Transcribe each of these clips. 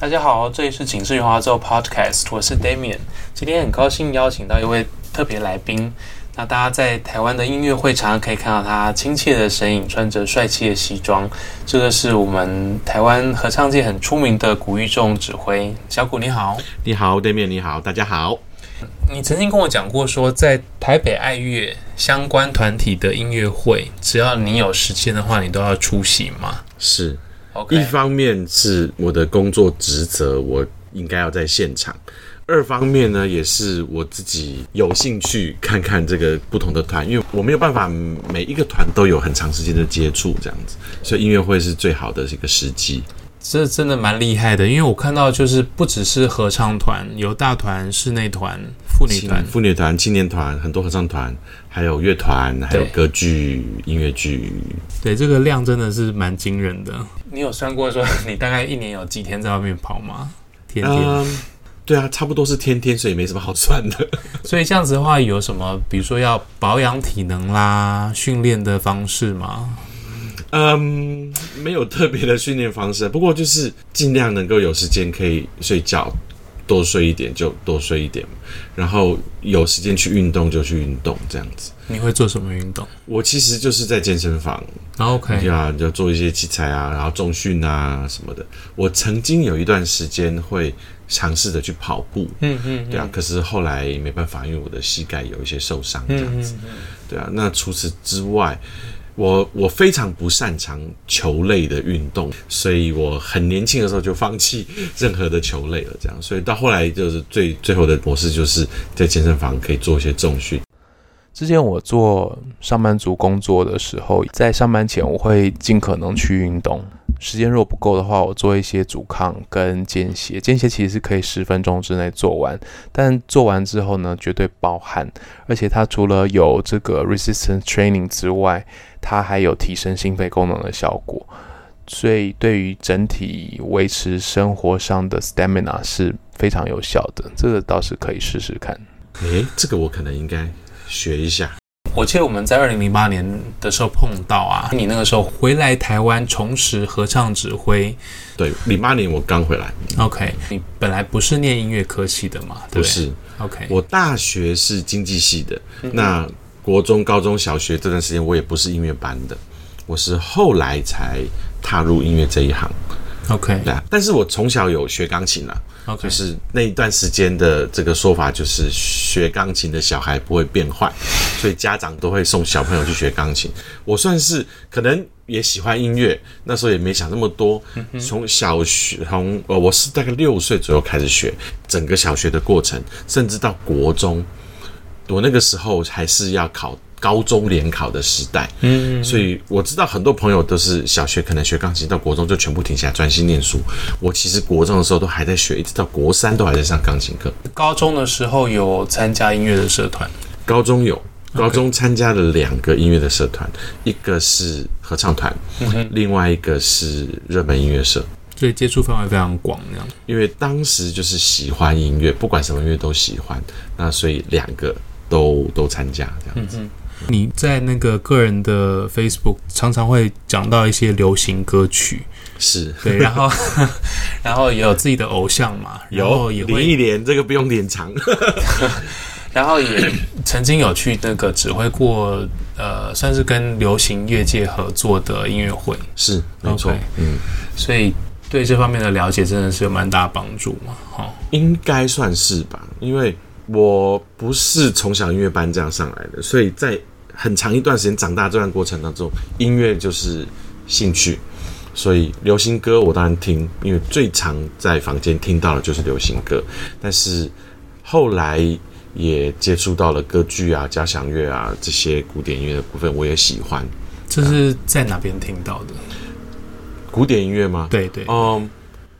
大家好，這裡是《緊緻圓滑奏》Podcast，我是 Damian。今天很高興邀請到一位特別來賓。那大家在台灣的音樂會場常常可以看到他親切的身影，穿着帥氣的西裝。這個是我們台灣合唱界很出名的古育仲指揮，小古。你好，你好，Damian 你好，大家好。你曾經跟我講過說，說在台北愛樂相關團體的音樂會，只要你有時間的話，你都要出席嗎？嗯、是。Okay. 一方面是我的工作職責，我應該要在現場；二方面呢，也是我自己有興趣看看這個不同的團，因為我沒有辦法每一個團都有很長時間的接觸，這樣子，所以音樂會是最好的一個時機。這真的蠻厲害的，因為我看到就是不只是合唱團，有大團、室內團、婦女團、婦女團、青年團，很多合唱團，還有樂團，還有歌劇、音樂劇。對，這個量真的是蠻驚人的。你有算過說你大概一年有幾天在外面跑嗎？天天。嗯，對啊，差不多是天天，所以沒什麼好算的。 所以這樣子的話，有什麼比如說要保養體能啦、訓練的方式嗎？嗯、um，沒有特別的訓練方式，不過就是儘量能夠有時間可以睡覺，多睡一點就多睡一點，然後有時間去運動就去運動這樣子。你會做什麼運動？我其實就是在健身房、oh，OK，對啊，就做一些器材啊，然後重訓啊什麼的。我曾經有一段時間會嘗試着去跑步，嗯嗯、嗯，對啊，可是後來沒辦法，因為我的膝蓋有一些受傷這樣子、嗯嗯嗯，對啊。那除此之外。我我非常不擅長球類的運動，所以我很年輕的時候就放棄任何的球類了。這樣，所以到後來就是最最後的模式，就是在健身房可以做一些重訓。之前我做上班族工作的時候，在上班前我會儘可能去運動。時間如果不夠的話，我做一些阻抗跟間歇。間歇其實是可以十分鐘之內做完，但做完之後呢，絕對爆汗。而且它除了有這個 resistance training 之外，它還有提升心肺功能的效果。所以對於整體維持生活上的 stamina 是非常有效的。這個倒是可以試試看。誒、欸，這個我可能應該學一下。我記得我們在二零零八年的時候碰到啊，你那個時候回來台灣重拾合唱指揮。對，零八年我剛回來。OK，你本來不是念音樂科系的嘛？對不對？不是。OK，我大學是經濟系的。那國中、高中、小學這段時間，我也不是音樂班的，我是後來才踏入音樂這一行。OK。對啊，但是我從小有學鋼琴啊。Okay. 就是那一段時間的這個說法，就是學鋼琴的小孩，不會變壞，所以家長都會送小朋友去學鋼琴。我算是可能也喜歡音樂，那時候也沒想那麼多。從小學從呃，我是大概六歲左右開始學，整個小學的過程，甚至到國中，我那個時候還是要考。高中聯考的時代，嗯，嗯，所以我知道很多朋友都是小學可能學鋼琴，到國中就全部停下來專心念書。我其實國中的時候都還在學，一直到國三都還在上鋼琴課。高中的時候有參加音樂的社團，高中有，高中參加了兩個音樂的社團，okay，一個是合唱團，嗯，另外一個是熱門音樂社，所以接觸範圍非常廣，這樣。因為當時就是喜歡音樂，不管什麼音樂都喜歡，那所以兩個都都參加這樣子。嗯你在那個個人的 Facebook 常常會講到一些流行歌曲，是對，然後 然後也有自己的偶像嘛，有，然後也會一臉這個不用臉長， 然後也曾經有去那個指揮過，呃，算是跟流行業界合作的音樂會，是沒錯，okay, 嗯，所以對這方面的了解真的是有蠻大幫助嘛，哦，應該算是吧，因為。我不是從小音樂班這樣上來的，所以在很長一段時間長大這段過程當中，音樂就是興趣。所以流行歌我當然聽，因為最常在房間聽到的就是流行歌。但是後來也接觸到了歌劇啊、交響樂啊這些古典音樂的部分，我也喜歡。這是在哪邊聽到的？古典音樂嗎？對對，嗯。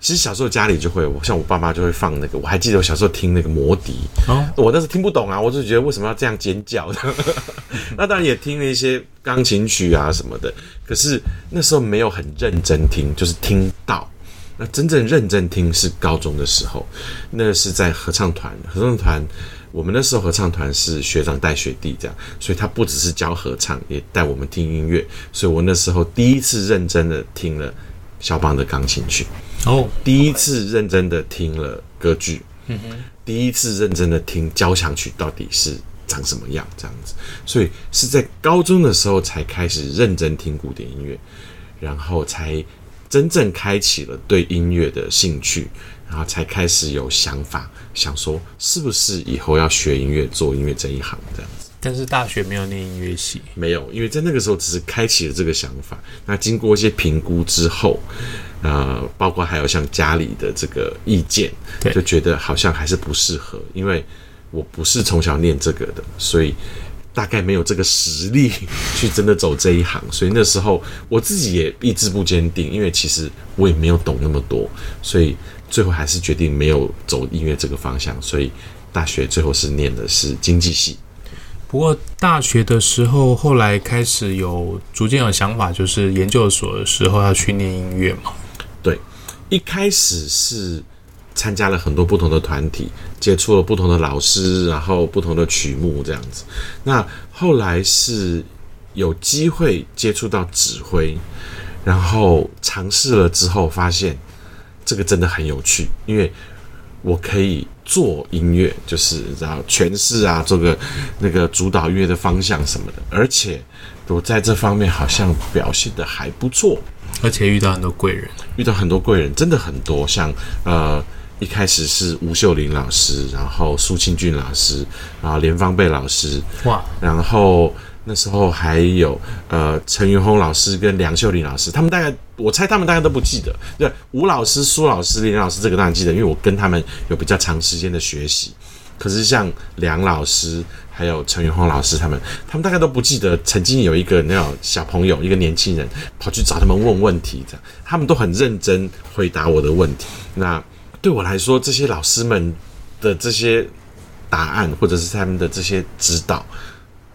其實小時候家裡就會，我像我爸媽就會放那個，我還記得我小時候聽那個魔笛哦，我當時聽不懂啊，我就覺得為什麼要這樣尖叫？呵呵，那當然也聽了一些鋼琴曲啊什麼的，可是那時候沒有很認真聽，就是聽到。那真正認真聽是高中的時候，那是在合唱團，合唱團我們那時候合唱團是學長帶學弟這樣，所以他不只是教合唱，也帶我們聽音樂，所以我那時候第一次認真的聽了肖邦的鋼琴曲。然後、oh，第一次認真的聽了歌劇。嗯，第一次認真的聽交響曲到底是長什麼樣這樣子，所以是在高中的時候才開始認真聽古典音樂，然後才真正開啟了對音樂的興趣，然後才開始有想法想說是不是以後要學音樂做音樂這一行這樣子。但是大學沒有念音樂系，沒有，因為在那個時候只是開啟了這個想法。那經過一些評估之後。嗯呃，包括還有像家裡的這個意見，就覺得好像還是不適合，因為我不是從小念這個的，所以大概沒有這個實力去真的走這一行，所以那時候我自己也意志不堅定，因為其實我也沒有懂那麼多，所以最後還是決定沒有走音樂這個方向，所以大學最後是念的是經濟系。不過大學的時候，後來開始有逐漸有想法，就是研究所的時候要去念音樂嘛。一開始是參加了很多不同的團體，接觸了不同的老師，然後不同的曲目這樣子。那後來是有機會接觸到指揮，然後嘗試了之後，發現這個真的很有趣，因為我可以做音樂，就是然後詮釋啊，做個那個主導音樂的方向什麼的，而且我在這方面好像表現得還不錯。而且遇到很多貴人，遇到很多貴人，真的很多。像呃，一開始是吳秀玲老師，然後蘇慶俊老師，然後連芳貝老師，哇，然後那時候還有呃，陳雲紅老師跟梁秀玲老師，他們大概我猜他們大概都不記得。對，吳老師、蘇老師、林老師這個當然記得，因為我跟他們有比較長時間的學習。可是像梁老師，還有陳雲紅老師他們，他們大概都不記得曾經有一個那種小朋友，一個年輕人跑去找他們問問題，這樣他們都很認真回答我的問題。那對我來說，這些老師們的這些答案，或者是他們的這些指導，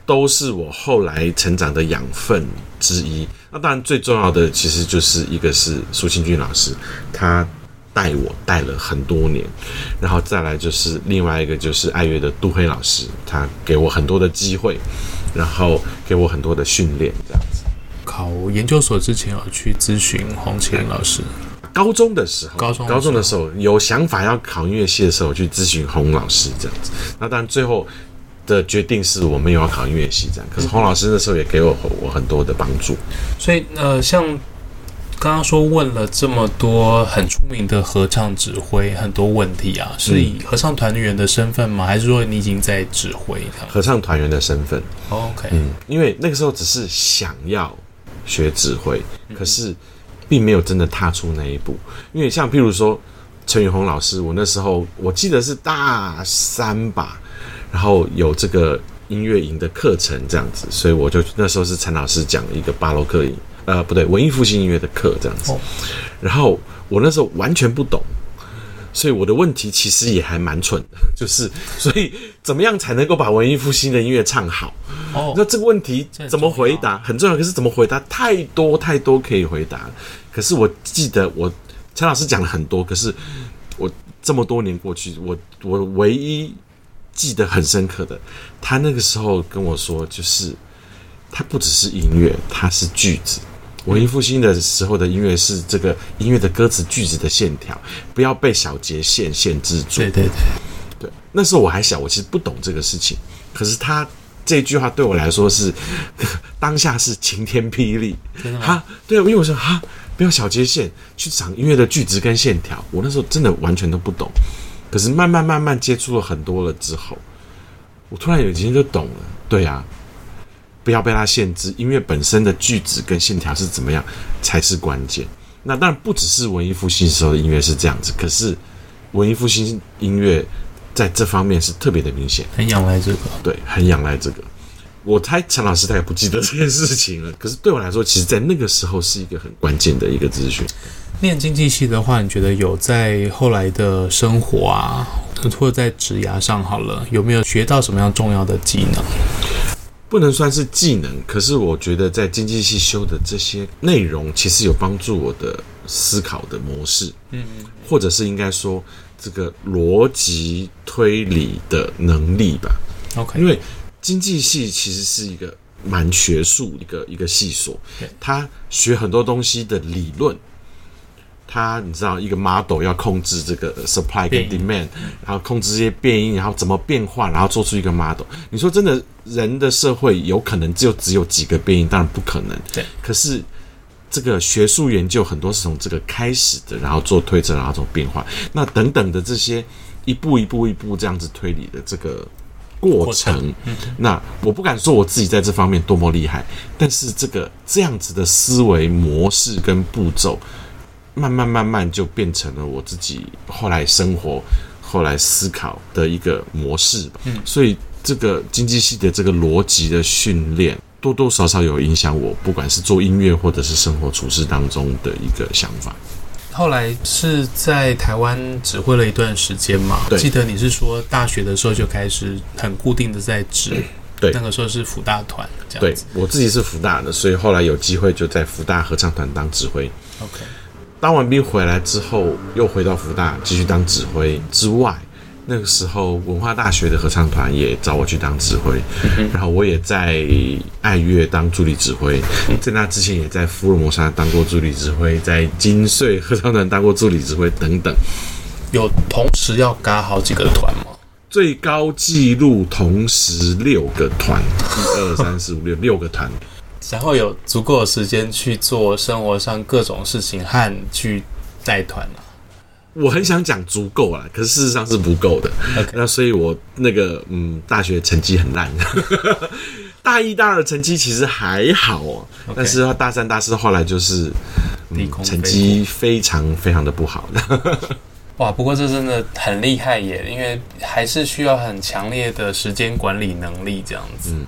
都是我後來成長的養分之一。那當然最重要的，其實就是一個是蘇清俊老師，他。帶我帶了很多年，然後再來就是另外一個就是愛樂的杜黑老師，他給我很多的機會，然後給我很多的訓練，這樣子。考研究所之前我去諮詢洪奇老師，高中的時候，高中高中的時候，的時候有想法要考音樂系的時候，我去諮詢洪老師，這樣子。那當然最後的決定是我沒有要考音樂系，這樣。可是洪老師那時候也給我我很多的幫助，所以呃像。剛剛說，問了這麼多很出名的合唱指揮很多問題啊，是以合唱團員的身份嗎？嗯、還是說你已經在指揮？合唱團員的身份，oh，OK，嗯、因為那個時候只是想要學指揮，可是並沒有真的踏出那一步。因為像譬如說陳雲紅老師，我那時候我記得是大三吧，然後有這個音樂營的課程這樣子，所以我就那時候是陳老師講了一個巴洛克營。呃，不對，文藝復興音樂的課這樣子，然後我那時候完全不懂，所以我的問題其實也還蠻蠢的，就是所以怎麼樣才能夠把文藝復興的音樂唱好？那這個問題怎麼回答很重要，可是怎麼回答太多太多可以回答，可是我記得我陳老師講了很多，可是我這麼多年過去，我我唯一記得很深刻的，他那個時候跟我說，就是他不只是音樂，他是句子。文藝復興的時候的音樂是這個音樂的歌詞句子的線條，不要被小節線限制住。對對對，對。那時候我還小，我其實不懂這個事情。可是他這句話對我來說是當下是晴天霹靂。真啊？對啊對，因為我說哈，不要小節線去賞音樂的句子跟線條。我那時候真的完全都不懂。可是慢慢慢慢接觸了很多了之後，我突然有一天就懂了。對啊。不要被它限制，音樂本身的句子跟線條是怎麼樣才是關鍵。那當然不只是文藝復興時候的音樂是這樣子，可是文藝復興音樂在這方面是特別的明顯。很仰賴這個，對，很仰賴這個。我猜陳老師他也不記得這件事情了， 可是對我來說，其實在那個時候是一個很關鍵的一個資訊。念經濟系的話，你覺得有在後來的生活啊，或者在職涯上好了，有沒有學到什麼樣重要的技能？不能算是技能，可是我覺得在經濟系修的這些內容，其實有幫助我的思考的模式，嗯，或者是應該說這個邏輯推理的能力吧。OK，因為經濟系其實是一個蠻學術一個一個系所，他學很多東西的理論。他，你知道，一個 model 要控制這個 supply 跟 demand，然後控制這些變因，然後怎麼變化，然後做出一個 model。你說真的，人的社會有可能就只有幾個變因，當然不可能。對。可是這個學術研究很多是從這個開始的，然後做推測，然後做變化，那等等的這些一步一步一步這樣子推理的這個過程。嗯。那我不敢說我自己在這方面多麼厲害，但是這個這樣子的思維模式跟步驟。慢慢慢慢就變成了我自己後來生活、後來思考的一個模式吧。嗯，所以這個經濟系的這個邏輯的訓練，多多少少有影響我，不管是做音樂或者是生活處事當中的一個想法。後來是在台灣指揮了一段時間嘛、嗯？對。記得你是說大學的時候就開始很固定的在指，嗯、對。那個時候是輔大團這樣，對。我自己是輔大的，所以後來有機會就在輔大合唱團當指揮。OK。當完兵回來之後，又回到輔大繼續當指揮之外，那個時候文化大學的合唱團也找我去當指揮，嗯、然後我也在愛樂當助理指揮，在那之前也在福爾摩沙當過助理指揮，在金穗合唱團當過助理指揮等等。有同時要軋好幾個團嗎？最高紀錄同時六個團，一二三四五六六個團。然後有足夠的時間去做生活上各種事情和去帶團了，啊。我很想講足夠了，可是事實上是不夠的。Okay. 那所以，我那個嗯，大學成績很爛， 大一大二成績其實還好，啊 okay. 但是他大三大四後來就是，嗯、低空成績非常非常的不好的。 哇，不過這真的很厲害耶，因為還是需要很強烈的時間管理能力這樣子。嗯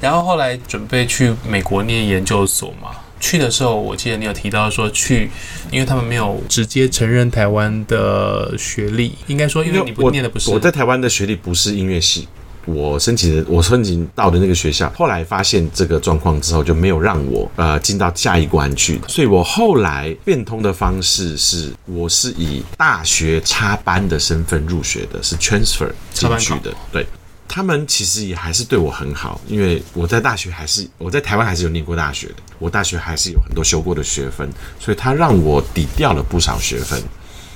然後後來準備去美國念研究所嘛。去的時候我記得你有提到說去，因為他們沒有直接承認台灣的學歷，應該說因為你不念的不是我，我在台灣的學歷不是音樂系，我申請的我申請到的那個學校，後來發現這個狀況之後就沒有讓我呃進到下一關去，所以我後來變通的方式是我是以大學插班的身份入學的，是 transfer 插班去的，對。他們其實也還是對我很好，因為我在大學還是我在台灣還是有念過大學的，我大學還是有很多修過的學分，所以他讓我抵掉了不少學分。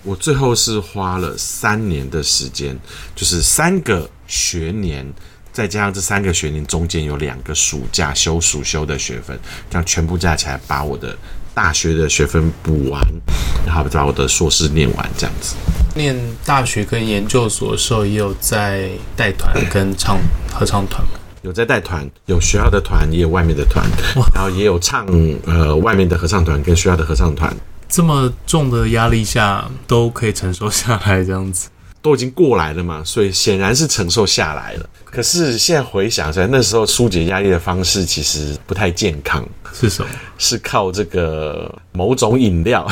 我最後是花了三年的時間，就是三個學年，再加上這三個學年中間有兩個暑假修暑修的學分，這樣全部加起來把我的大學的學分補完。然後把我的碩士念完，這樣子。念大學跟研究所的時候，也有在帶團跟唱合唱團嘛？有在帶團，有學校的團，也有外面的團，哇，然後也有唱呃外面的合唱團跟學校的合唱團。這麼重的壓力下，都可以承受下來，這樣子。都已經過來了嘛，所以顯然是承受下來了。可是現在回想起來，那時候疏解壓力的方式其實不太健康。是什麼？是靠這個某種飲料。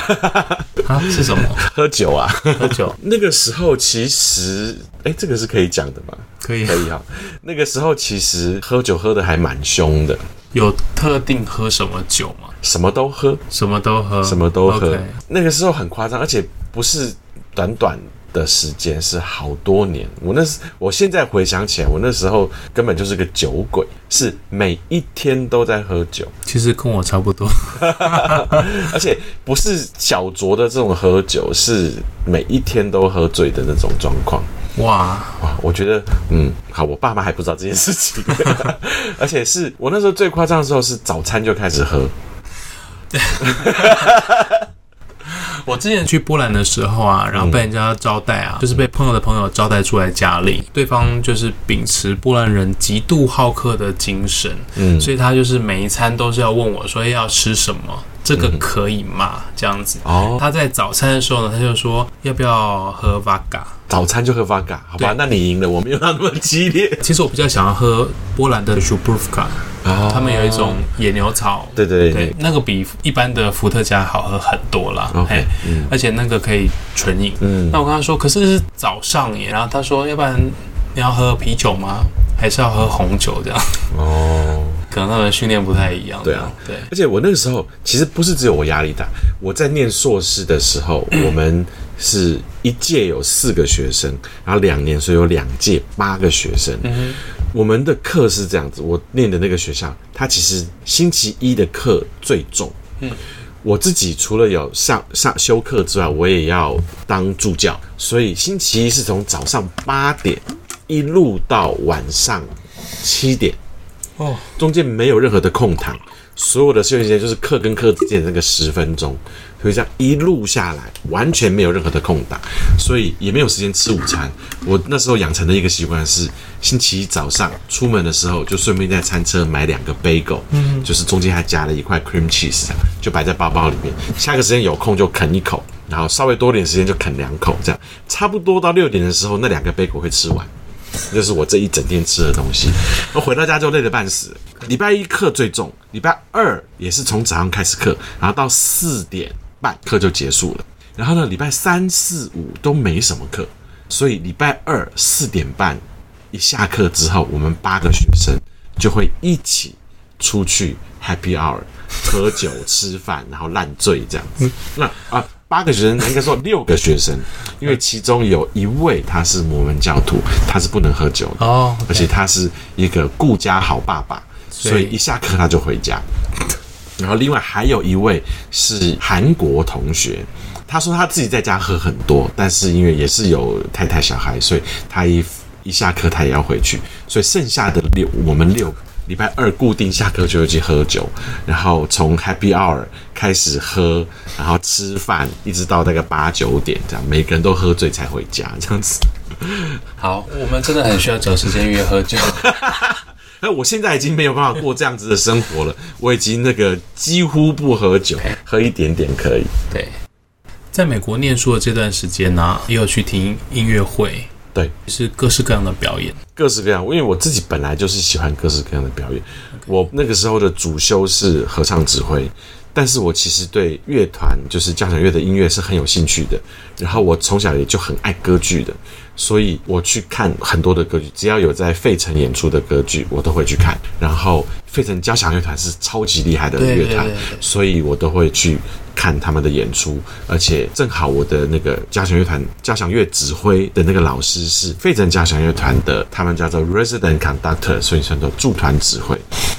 啊？是什麼？喝酒啊！喝酒。 那個時候其實，哎、欸，這個是可以講的吧？可以，可以哈、哦。那個時候其實喝酒喝得還蠻凶的。有特定喝什麼酒嗎？什麼都喝，什麼都喝，什麼都喝。Okay. 那個時候很誇張，而且不是短短。的時間是好多年，我那時，我現在回想起來，我那時候根本就是個酒鬼，是每一天都在喝酒。其實跟我差不多， 而且不是小酌的這種喝酒，是每一天都喝醉的那種狀況。哇哇，我覺得，嗯，好，我爸媽還不知道這件事情， 而且是我那時候最誇張的時候是早餐就開始喝。 我之前去波蘭的時候啊，然後被人家招待啊，嗯、就是被朋友的朋友招待住在家裡，對方就是秉持波蘭人極度好客的精神，嗯，所以他就是每一餐都是要問我，說要吃什麼。這個可以嗎？這樣子哦。他在早餐的時候呢，他就說要不要喝 Vaca 早餐就喝 Vaca 好吧？那你贏了，我沒有那麼激烈。其實我比較想要喝波蘭的 shuburka，、哦、他們有一種野牛草，對對對、okay，那個比一般的伏特加好喝很多啦。OK，、嗯、而且那個可以純飲。嗯，那我跟他說，可是,是早上耶。然後他說，要不然你要喝啤酒嗎？還是要喝紅酒這樣？哦。可能他們訓練不太一樣，對啊，對。而且我那個時候其實不是只有我壓力大，我在念碩士的時候， 我們是一屆有四個學生，然後兩年，所以有兩屆八個學生。嗯。我們的課是這樣子，我念的那個學校，它其實星期一的課最重。嗯，我自己除了有上上修課之外，我也要當助教，所以星期一是從早上八點一路到晚上七點。中間沒有任何的空檔，所有的休息時間就是課跟課之間的那個十分鐘，所以這樣一路下來，完全沒有任何的空檔，所以也沒有時間吃午餐。我那時候養成的一個習慣是，星期一早上出門的時候就順便在餐車買兩個 bagel，嗯，就是中間還夾了一塊 cream cheese，就擺在包包裡面。下個時間有空就啃一口，然後稍微多點時間就啃兩口，這樣差不多到六點的時候，那兩個 BAGEL 會吃完。就是我這一整天吃的東西，我回到家就累得半死。禮拜一課最重，禮拜二也是從早上開始課，然後到四點半課就結束了。然後呢，禮拜三四五都沒什麼課，所以禮拜二四點半一下課之後，我們八個學生就會一起出去 Happy Hour，喝酒吃飯，然後爛醉這樣子。那啊。八個學生，應該說六個學生，因為其中有一位他是摩門教徒，他是不能喝酒的哦，oh, okay. 而且他是一個顧家好爸爸，所以一下課他就回家。然後另外還有一位是韓國同學，他說他自己在家喝很多，但是因為也是有太太小孩，所以他一一下課他也要回去，所以剩下的六我們六個，禮拜二固定下課就去喝酒，然後從 Happy Hour 開始喝，然後吃飯，一直到那個八九點這樣，每個人都喝醉才回家，這樣子。好，我們真的很需要找時間約喝酒。哎， 我現在已經沒有辦法過這樣子的生活了，我已經那個幾乎不喝酒，喝一點點可以。對，在美國念書的這段時間呢、啊，也有去聽音樂會。對，是各式各樣的表演，各式各樣。因為我自己本來就是喜歡各式各樣的表演。Okay. 我那個時候的主修是合唱指揮，但是我其實對樂團，就是交響樂的音樂是很有興趣的。然後我從小也就很愛歌劇的，所以我去看很多的歌劇。只要有在費城演出的歌劇，我都會去看。然後費城交響樂團是超級厲害的樂團，所以我都會去。看他們的演出，而且正好我的那個交響樂團交響樂指揮的那個老師是費城交響樂團的，他們叫做 resident conductor，所以叫做駐團指揮，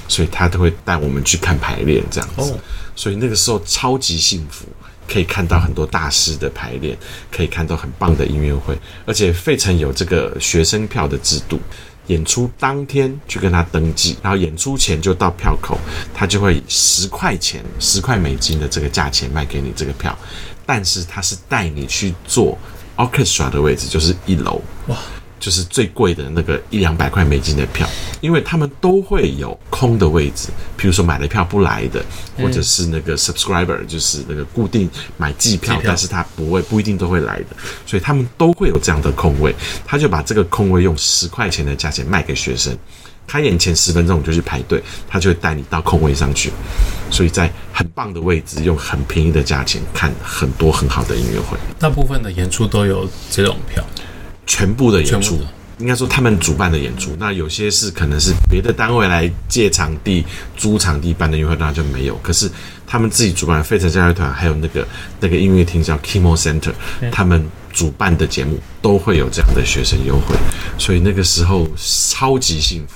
所以他都會帶我們去看排練這樣子，所以那個時候超級幸福，可以看到很多大師的排練，可以看到很棒的音樂會，而且費城有這個學生票的制度。演出當天去跟他登記，然後演出前就到票口，他就會十塊錢、十塊美金的這個價錢賣給你這個票，但是他是帶你去坐 orchestra 的位置，就是一樓，哇。就是最貴的那個一兩百塊美金的票，因為他們都會有空的位置，譬如說買了票不來的，或者是那個 subscriber，就是那個固定買季票，但是他不會不一定都會來的，所以他們都會有這樣的空位，他就把這個空位用十塊錢的價錢賣給學生。開演前十分鐘我就去排隊，他就會帶你到空位上去，所以在很棒的位置用很便宜的價錢看很多很好的音樂會。大部分的演出都有這種票。全部的演出，應該說他們主辦的演出。嗯、那有些是可能是別的單位來借場地、租場地辦的音樂會，那就沒有。可是他們自己主辦的費城教育團，還有那個那個音樂廳叫 Kimmel Center，欸、他們主辦的節目都會有這樣的學生優惠。所以那個時候超級幸福。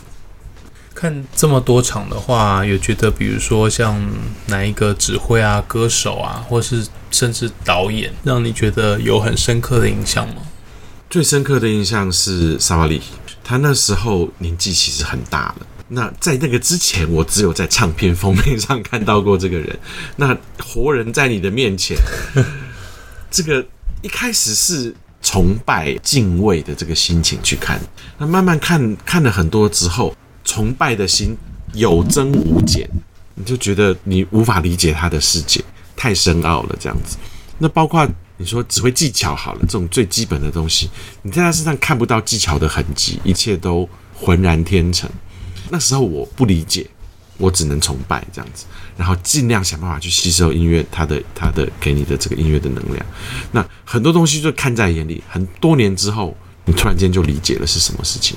看這麼多場的話，有覺得比如說像哪一個指揮啊、歌手啊，或是甚至導演，讓你覺得有很深刻的印象嗎？最深刻的印象是薩瓦利，他那時候年紀其實很大了。那在那個之前，我只有在唱片封面上看到過這個人。那活人在你的面前，呵呵，這個一開始是崇拜敬畏的這個心情去看，那慢慢看，看了很多之後，崇拜的心有增無減，你就覺得你無法理解他的世界，太深奧了這樣子。那包括。你說指揮技巧好了，這種最基本的東西，你在他身上看不到技巧的痕跡，一切都渾然天成。那時候我不理解，我只能崇拜這樣子，然後盡量想辦法去吸收音樂，他的他的給你的這個音樂的能量。那很多東西就看在眼裡，很多年之後，你突然間就理解了是什麼事情。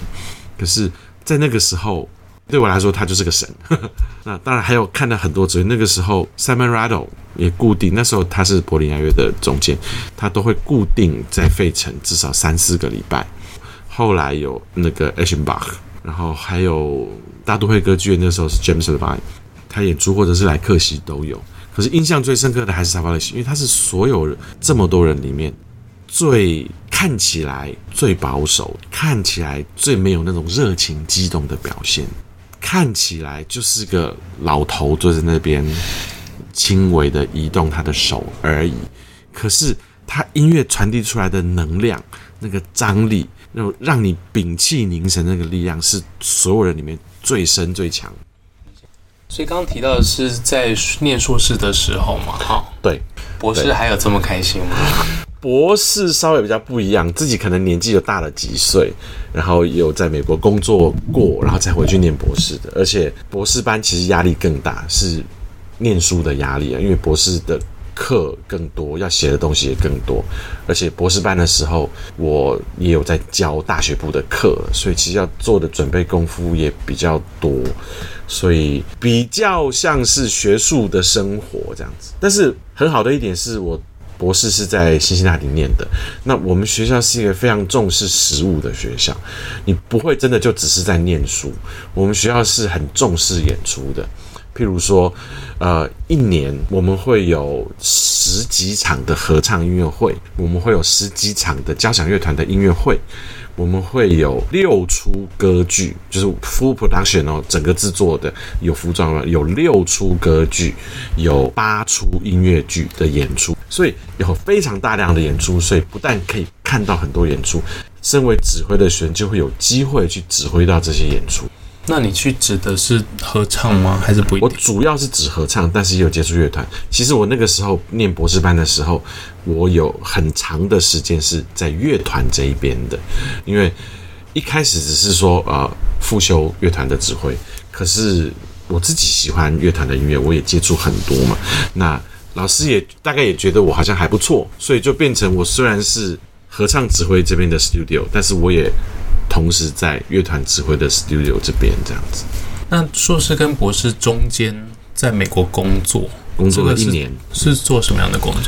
可是，在那個時候。對我來說，他就是個神呵呵。那當然還有看到很多指揮，那個時候 Simon Rattle 也固定，那時候他是柏林愛樂的總監，他都會固定在費城至少三四個禮拜。後來有那個 Eschenbach，然後還有大都會歌劇院，那時候是 James Levine，他演出或者是來客席都有。可是印象最深刻的還是 Sawallisch，因為他是所有人這麼多人裡面最看起來最保守，看起來最沒有那種熱情激動的表現。看起來就是個老頭坐在那邊，輕微的移動他的手而已。可是他音樂傳遞出來的能量，那個張力，那種讓你屏氣凝神那個力量，是所有人裡面最深最強。所以剛剛提到的是在念碩士的時候嘛？哈、哦，對，博士還有這麼開心嗎？嗯 博士稍微比較不一樣，自己可能年紀又大了幾歲，然後也有在美國工作過，然後再回去念博士的。而且博士班其實壓力更大，是念書的壓力，因為博士的課更多，要寫的東西也更多。而且博士班的時候，我也有在教大學部的課，所以其實要做的準備功夫也比較多，所以比較像是學術的生活這樣子。但是很好的一點是我。博士是在辛辛那提念的。那我們學校是一個非常重視實務的學校，你不會真的就只是在念書。我們學校是很重視演出的，譬如說，呃，一年我們會有十幾場的合唱音樂會，我們會有十幾場的交響樂團的音樂會。我們會有六出歌劇，就是 full production 哦，整個制作的有服裝嘛，有六出歌劇，有八出音樂劇的演出，所以有非常大量的演出，所以不但可以看到很多演出，身為指揮的學員就會有機會去指揮到這些演出。那你去指的是合唱嗎？還是不一樣？我主要是指合唱，但是也有接觸樂團。其實我那個時候念博士班的時候，我有很長的時間是在樂團這一邊的。因為一開始只是說呃復修樂團的指揮，可是我自己喜歡樂團的音樂，我也接觸很多嘛。那老師也大概也覺得我好像還不錯，所以就變成我雖然是合唱指揮這邊的 studio，但是我也。同時在樂團指揮的 studio 這邊這樣子，那碩士跟博士中間在美國工作工作了一年。這個是，嗯，是做什麼樣的工作？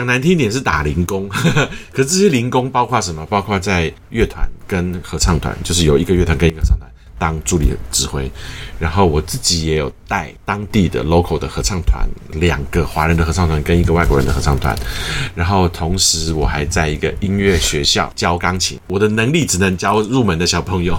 講難聽點是打零工，呵呵，可是這些零工包括什麼？包括在樂團跟合唱團，就是有一個樂團跟一個合唱團。當助理的指揮，然後我自己也有帶當地的 local 的合唱團，兩個華人的合唱團跟一個外國人的合唱團，然後同時我還在一個音樂學校教鋼琴，我的能力只能教入門的小朋友，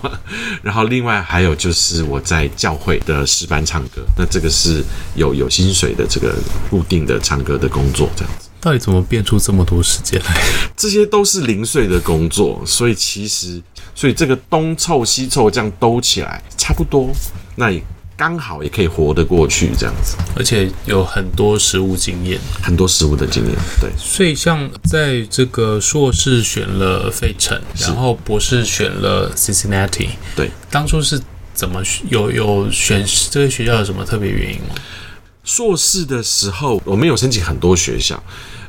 然後另外還有就是我在教會的詩班唱歌，那這個是有有薪水的這個固定的唱歌的工作，這樣子。到底怎麼變出這麼多時間來？這些都是零碎的工作，所以其實。所以這個東湊西湊這樣兜起來差不多，那也剛好也可以活得過去這樣子，而且有很多實務經驗，很多實務的經驗，對。所以像在這個碩士選了費城，然後博士選了 Cincinnati，對。當初是怎麼有有選這個學校，有什麼特別原因嗎？碩士的時候我們有申請很多學校，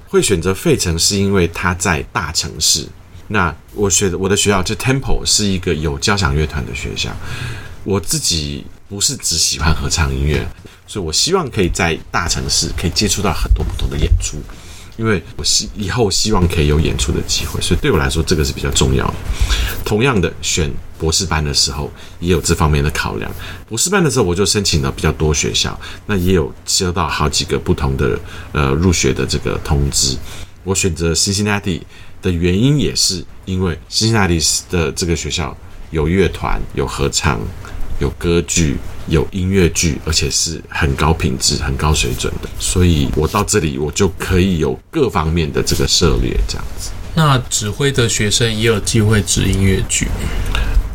會選擇費城是因為它在大城市。那我學的我的學校就 Temple 是一個有交響樂團的學校。我自己不是只喜歡合唱音樂，所以我希望可以在大城市可以接觸到很多不同的演出，因為我希以後希望可以有演出的機會，所以對我來說這個是比較重要的。同樣的，選博士班的時候也有這方面的考量。博士班的時候我就申請了比較多學校，那也有接到好幾個不同的呃入學的這個通知。我選擇 Cincinnati。的原因也是因為新西斯的這個學校有樂團、有合唱、有歌劇、有音樂劇，而且是很高品質、很高水準的，所以我到這裡我就可以有各方面的這個涉獵，這樣子。那指揮的學生也有機會指音樂劇？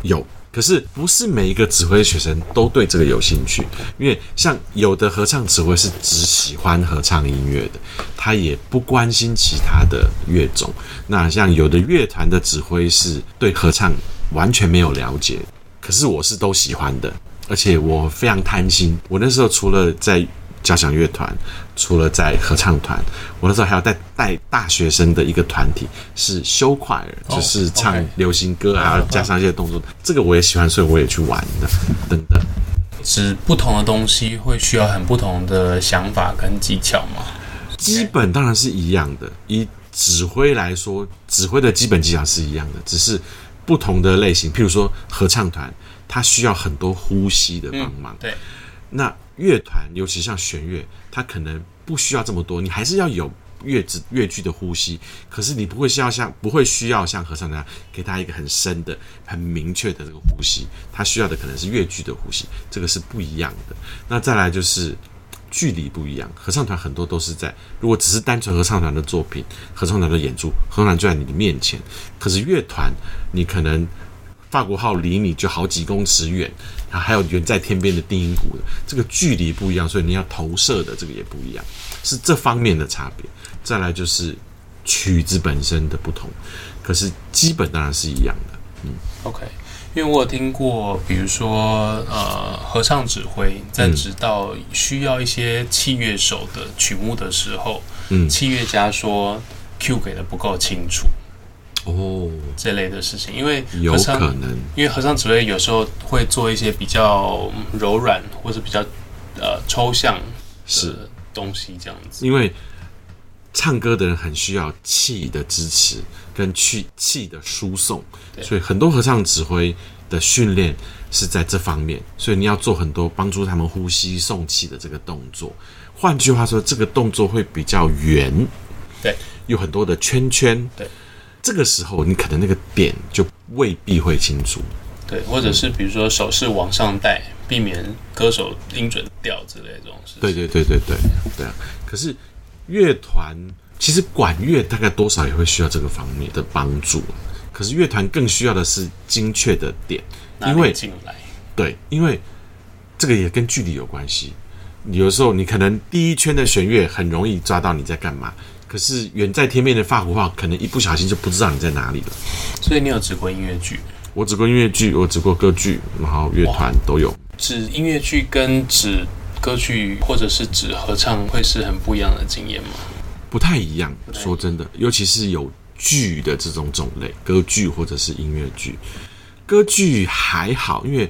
有。可是不是每一個指揮學生都對這個有興趣，因為像有的合唱指揮是只喜歡合唱音樂的，他也不關心其他的樂種。那像有的樂團的指揮是對合唱完全沒有了解。可是我是都喜歡的，而且我非常貪心。我那時候除了在交響樂團，除了在合唱團，我那時候還要帶帶大學生的一個團體，是 show choir，就是唱流行歌啊，oh, okay. 還要加上一些動作，這個我也喜歡，所以我也去玩的，等等。是不同的東西會需要很不同的想法跟技巧嗎？基本當然是一樣的。以指揮來說，指揮的基本技巧是一樣的，只是不同的類型，譬如說合唱團，它需要很多呼吸的幫忙、嗯。對，那。樂團尤其像弦樂，它可能不需要這麼多，你還是要有樂子、樂句的呼吸，可是你不會需要像不會需要像合唱團給他一個很深的、很明確的這個呼吸，他需要的可能是樂句的呼吸，這個是不一樣的。那再來就是距離不一樣，合唱團很多都是在，如果只是單純合唱團的作品，合唱團的演出，合唱團就在你的面前，可是樂團你可能。法國號離你就好幾公尺遠，然後還有遠在天邊的定音鼓的，這個距離不一樣，所以你要投射的這個也不一樣，是這方面的差別。再來就是曲子本身的不同，可是基本當然是一樣的。嗯，OK，因為我有聽過，比如說呃，合唱指揮在直到需要一些器樂手的曲目的時候，嗯，器樂家說、嗯、Q 給的不夠清楚。哦，這類的事情，因為有可能，因為合唱指揮有時候會做一些比較柔軟或是比較呃抽象的東西這樣子。因為唱歌的人很需要氣的支持跟去氣，氣的輸送，對，所以很多合唱指揮的訓練是在這方面。所以你要做很多幫助他們呼吸送氣的這個動作。換句話說，這個動作會比較圓，對，有很多的圈圈，對。這個時候，你可能那個點就未必會清楚。對，或者是比如說手勢往上帶，嗯，避免歌手音準掉之類的這種事。對對對對對對， 對啊！可是樂團其實管樂大概多少也會需要這個方面的幫助啊。可是樂團更需要的是精確的點，因為進來。對，因為這個也跟距離有關係。有時候，你可能第一圈的弦樂很容易抓到你在幹嘛。可是遠在天邊的法國號，可能一不小心就不知道你在哪裡了。所以你有指過音樂劇？我指過音樂劇，我指過歌劇，然後樂團都有。指音樂劇跟指歌劇，或者是指合唱，會是很不一樣的經驗嗎？不太一樣。說真的，尤其是有劇的這種種類，歌劇或者是音樂劇，歌劇還好，因為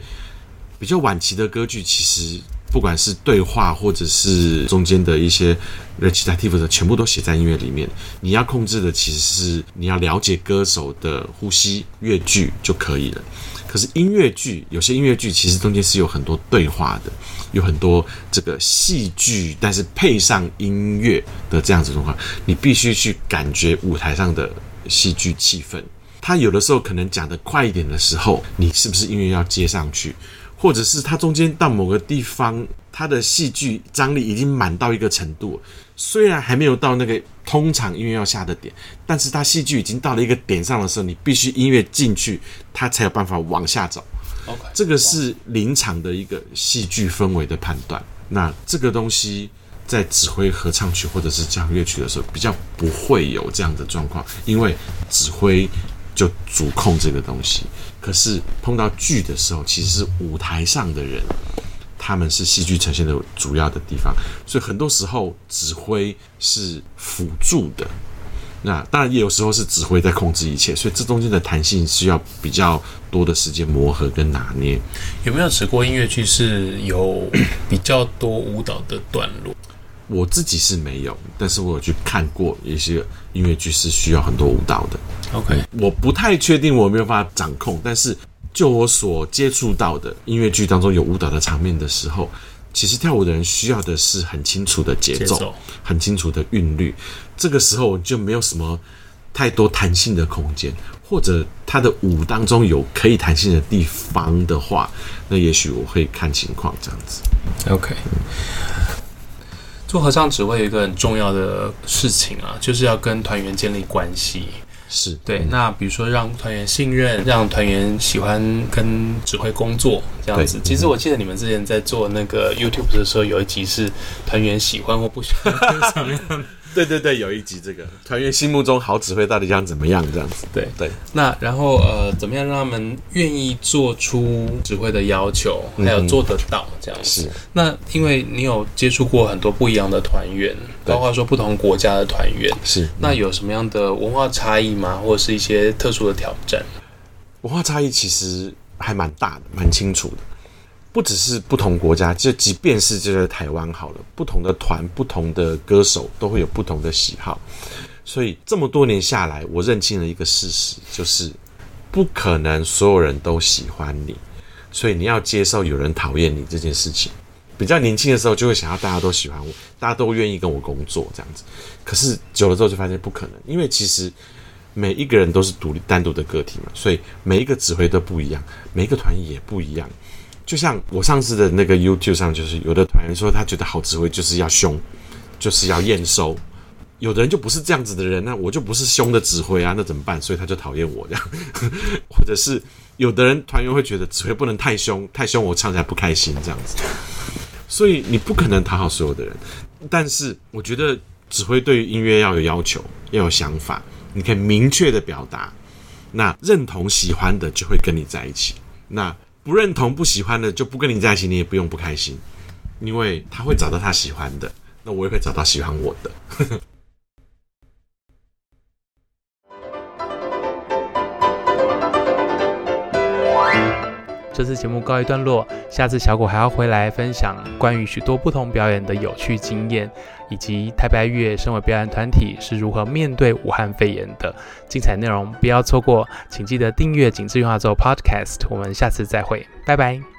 比較晚期的歌劇其實。不管是對話，或者是中間的一些 recitative 的，全部都寫在音樂裡面。你要控制的其實是你要了解歌手的呼吸、樂句就可以了。可是音樂劇，有些音樂劇其實中間是有很多對話的，有很多這個戲劇，但是配上音樂的這樣子的話，你必須去感覺舞台上的戲劇氣氛。他有的時候可能講得快一點的時候，你是不是音樂要接上去？或者是它中間到某個地方，它的戲劇張力已經滿到一個程度了，雖然還沒有到那個通常音樂要下的點，但是它戲劇已經到了一個點上的時候，你必須音樂進去，它才有辦法往下走。Okay. 這個是臨場的一個戲劇氛圍的判斷。那這個東西在指揮合唱曲或者是交響樂曲的時候，比較不會有這樣的狀況，因為指揮就主控這個東西。可是碰到劇的時候，其實是舞台上的人，他們是戲劇呈現的主要的地方，所以很多時候指揮是輔助的。那當然也有時候是指揮在控制一切，所以這中間的彈性需要比較多的時間磨合跟拿捏。有沒有指過音樂劇是有 比較多舞蹈的段落？我自己是沒有，但是我有去看過一些音樂劇是需要很多舞蹈的。OK，嗯，我不太確定我沒有辦法掌控，但是就我所接觸到的音樂劇當中有舞蹈的場面的時候，其實跳舞的人需要的是很清楚的節奏，奏，很清楚的韻律。這個時候就沒有什麼太多彈性的空間，或者他的舞當中有可以彈性的地方的話，那也許我會看情況這樣子。OK，嗯，做合唱指揮有一個很重要的事情啊，就是要跟團員建立關係。是對，那比如說讓團員信任，讓團員喜歡跟指揮工作這樣子。其實我記得你們之前在做那個 YouTube 的時候，有一集是團員喜歡或不喜歡什麼樣。 對對對，有一集這個團員心目中好指揮到底想怎麼樣這樣子？對對，那然後呃，怎麼樣讓他們願意做出指揮的要求，還有做得到這樣子？嗯、是那因為你有接觸過很多不一樣的團員，包括說不同國家的團員，是、嗯、那有什麼樣的文化差異嗎？或者是一些特殊的挑戰？文化差異其實還蠻大的，蠻清楚的。不只是不同國家，就即便是就在台灣好了，不同的團、不同的歌手都會有不同的喜好。所以這麼多年下來，我認清了一個事實，就是不可能所有人都喜歡你，所以你要接受有人討厭你這件事情。比較年輕的時候，就會想要大家都喜歡我，大家都願意跟我工作這樣子。可是久了之後，就發現不可能，因為其實每一個人都是獨立、單獨的個體嘛，所以每一個指揮都不一樣，每一個團也不一樣。就像我上次的那個 YouTube 上，就是有的團員說他覺得好指揮就是要兇，就是要驗收。有的人就不是這樣子的人，那我就不是兇的指揮啊，那怎麼辦？所以他就討厭我這樣。 或者是有的人團員會覺得指揮不能太兇，太兇我唱起來不開心這樣子。所以你不可能討好所有的人，但是我覺得指揮對於音樂要有要求，要有想法，你可以明確的表達，那認同喜歡的就會跟你在一起。那。不認同、不喜歡的就不跟你在一起，你也不用不開心，因為他會找到他喜歡的，那我也會找到喜歡我的。 這次節目告一段落，下次小古還要回來分享關於許多不同表演的有趣經驗，以及台北愛樂身為表演團體是如何面對武漢肺炎的精彩的內容，不要錯過，請記得訂閱《緊緻圓滑奏》Podcast，我們下次再會，拜拜。